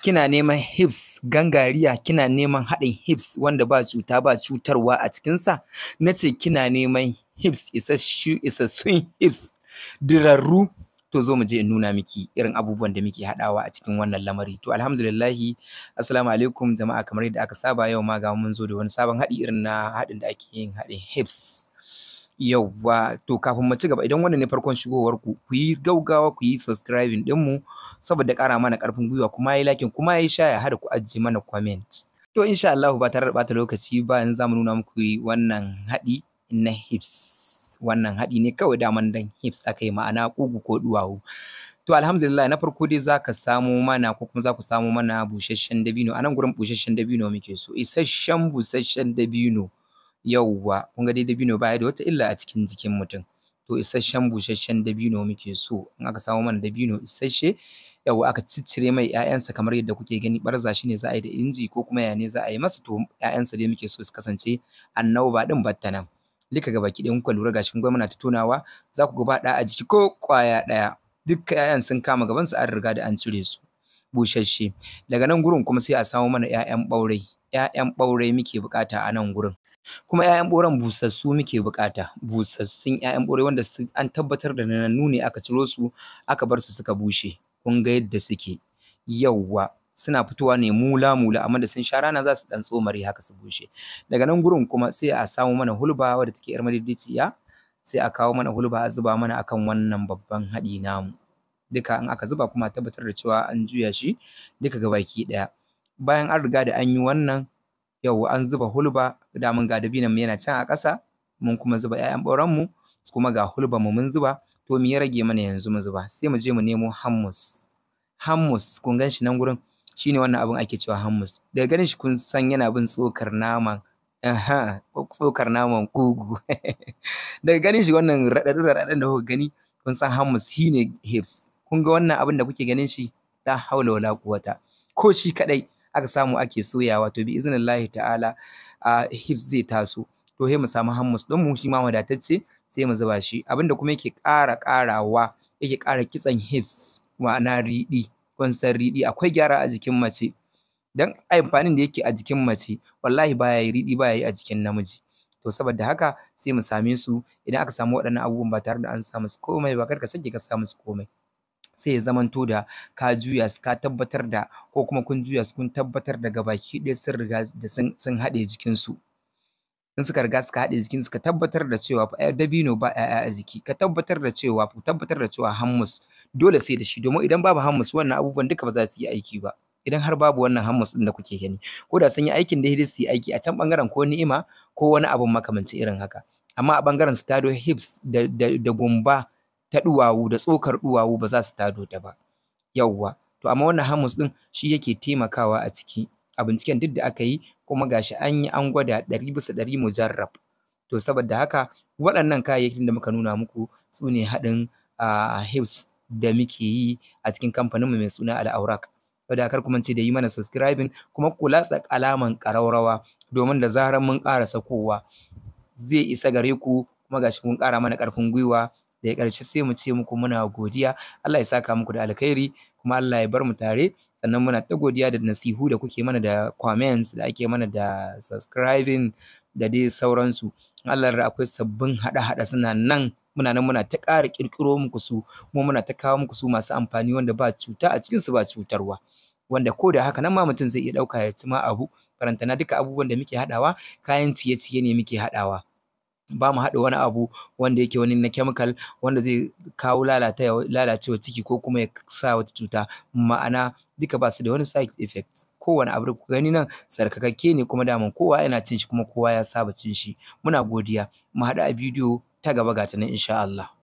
kina neman hips gangariya kina neman haɗin hips wanda ba cuta ba cutarwa a cikinsa na ce kina neman hips isassun hips dirarru to zo mu je in nuna miki irin abubuwan da muke haɗawa a cikin wannan lamari to alhamdulillahi assalamu alaikum jama'a kamar yadda aka saba yau ma ga mun zo da wani sabon haɗi irin na haɗin da ake yin haɗin hips yawwa to kafin mu ci gaba idan wannan ne farkon shigowar ku ku yi gaugawa ku yi subscribing din mu saboda ƙara mana ƙarfin gwiwa kuma yi liking kuma yi share har ku ajiye mana comment to insha Allah ba tare da bata lokaci ba yanzu zamu nuna muku wannan hadi na hips wannan haɗi ne kawai daman dan hips aka yi ma'ana kugu ko duwawu to alhamdulillah na farko dai zaka samu mana ko kuma za samu mana busasshen dabino anan gurin busasshen dabino muke so isasshen busasshen dabino yauwa kun ga dai dabino baya da wata illa a cikin jikin mutum to isasshen busasshen dabino muke so in aka samo mana dabino isasshe yauwa aka ciccire mai ƴaƴansa kamar yadda kuke gani barza shi ne za a yi da inji ko kuma ya za a yi masa to ƴaƴansa dai muke so su kasance ba ɗin batta nan lika gaba baki ɗin kuka lura gashin gwamna ta tunawa. za ku gaba ɗaya a jiki ko ƙwaya ɗaya dukka ƴaƴan sun kama gabansu an riga da an cire su busasshe daga nan gurin kuma sai a samo mana ƴaƴan ɓaurai. ƴaƴan ɓaure muke buƙata a nan gurin kuma ƴaƴan ɓauren busassu muke buƙata busassun ƴaƴan ɓaure wanda an tabbatar da nanannu ne aka ciro su aka bar su suka bushe kun ga yadda suke yawwa suna fitowa ne mula mula amma da sun sha rana za su ɗan tsomare haka su bushe daga nan gurin kuma sai a samu mana hulba wadda take ‘yar madidiciya sai a kawo mana hulba a zuba mana akan wannan babban haɗi namu duka in aka zuba kuma tabbatar da cewa an juya shi duka gabaki ɗaya bayan an riga da an yi wannan yau an zuba hulba mun ga dabinan yana can a ƙasa mun kuma zuba 'ya'yan ɓaurenmu kuma ga hulba mu mun zuba to me ya rage mana yanzu mu zuba sai mu je mu nemo hammus hammus kun gan shi nan gurin shine wannan abin ake cewa hammus daga ganin shi kun san yana bin tsokar naman aha tsokar naman kugu daga ganin shi wannan raɗaɗin raɗaɗin da kuka gani kun san shi shine hips kun ga wannan abin da kuke ganin shi la haula wala quwata ko shi kadai aka samu ake soyawa to bi iznillahi ta'ala a hips zai taso to sai mu samu hammus don mu shi ma wadatacce sai mu zuba shi abinda kuma yake ƙara ƙarawa yake ƙara kitsan hips ma'ana riɗi kwansan riɗi akwai gyara a jikin mace dan amfanin da yake a jikin mace wallahi baya yi riɗi baya yi a jikin namiji to saboda haka sai mu same su idan aka samu waɗannan abubuwan ba tare da an samu su komai ba kar ka sake ka samu musu komai sai ya zamanto da ka juya su ka tabbatar da ko kuma kun juya su kun tabbatar da gabaki ɗaya sun riga da sun haɗe jikinsu in suka riga suka haɗe jikinsu ka tabbatar da cewa fa eh, dabino ba ƴaƴa a jiki ka tabbatar da cewa ku tabbatar da cewa hammus dole sai da shi domin idan babu hammus wannan abubuwan duka ba za su yi aiki ba idan har babu wannan hammus ɗin da kuke gani ko da sun yi aikin da su yi aiki a can ɓangaren ko ni'ima ko wani abun makamancin irin haka amma a ɓangaren su tado hips da, da gumba ta duwawu da tsokar duwawu ba za su tado ta ba yawwa to amma wannan hamus din shi yake taimakawa a ciki a binciken duk da aka yi kuma gashi an yi an gwada ɗari bisa ɗari mujarrab to saboda haka waɗannan kayayyakin da muka nuna muku su ne haɗin hips da muke yi a cikin kamfaninmu mai suna al'aurak saboda kar kuma ce da yi mana subscribing kuma ku latsa alaman ƙaraurawa domin da zarar mun ƙara sakowa zai isa gare ku kuma gashi kun ƙara mana ƙarfin gwiwa da ya ƙarshe sai mu ce muku muna godiya Allah ya saka muku da alkhairi kuma Allah ya bar mu tare sannan muna ta godiya da nasihu da kuke mana da comments da ake mana da subscribing da dai sauransu Allah ya akwai sabbin haɗa-haɗa suna nan muna nan muna ta ƙara ƙirƙiro muku su kuma muna ta kawo muku su masu amfani wanda ba cuta a cikin su ba cutarwa wanda ko da haka nan ma mutum zai iya ɗauka ya ci ma abu na duka abubuwan da muke haɗawa kayan ciye-ciye ne muke haɗawa ba mu haɗa wani abu wanda yake wani na chemical wanda zai kawo lalacewa ciki ko kuma ya sa wata cuta ma'ana duka ba su da wani side effect kowane abu ku gani nan tsarkakakke ne kuma daman kowa yana cin shi kuma kowa ya saba cin shi muna godiya mu haɗu a bidiyo ta gaba gata nan insha Allah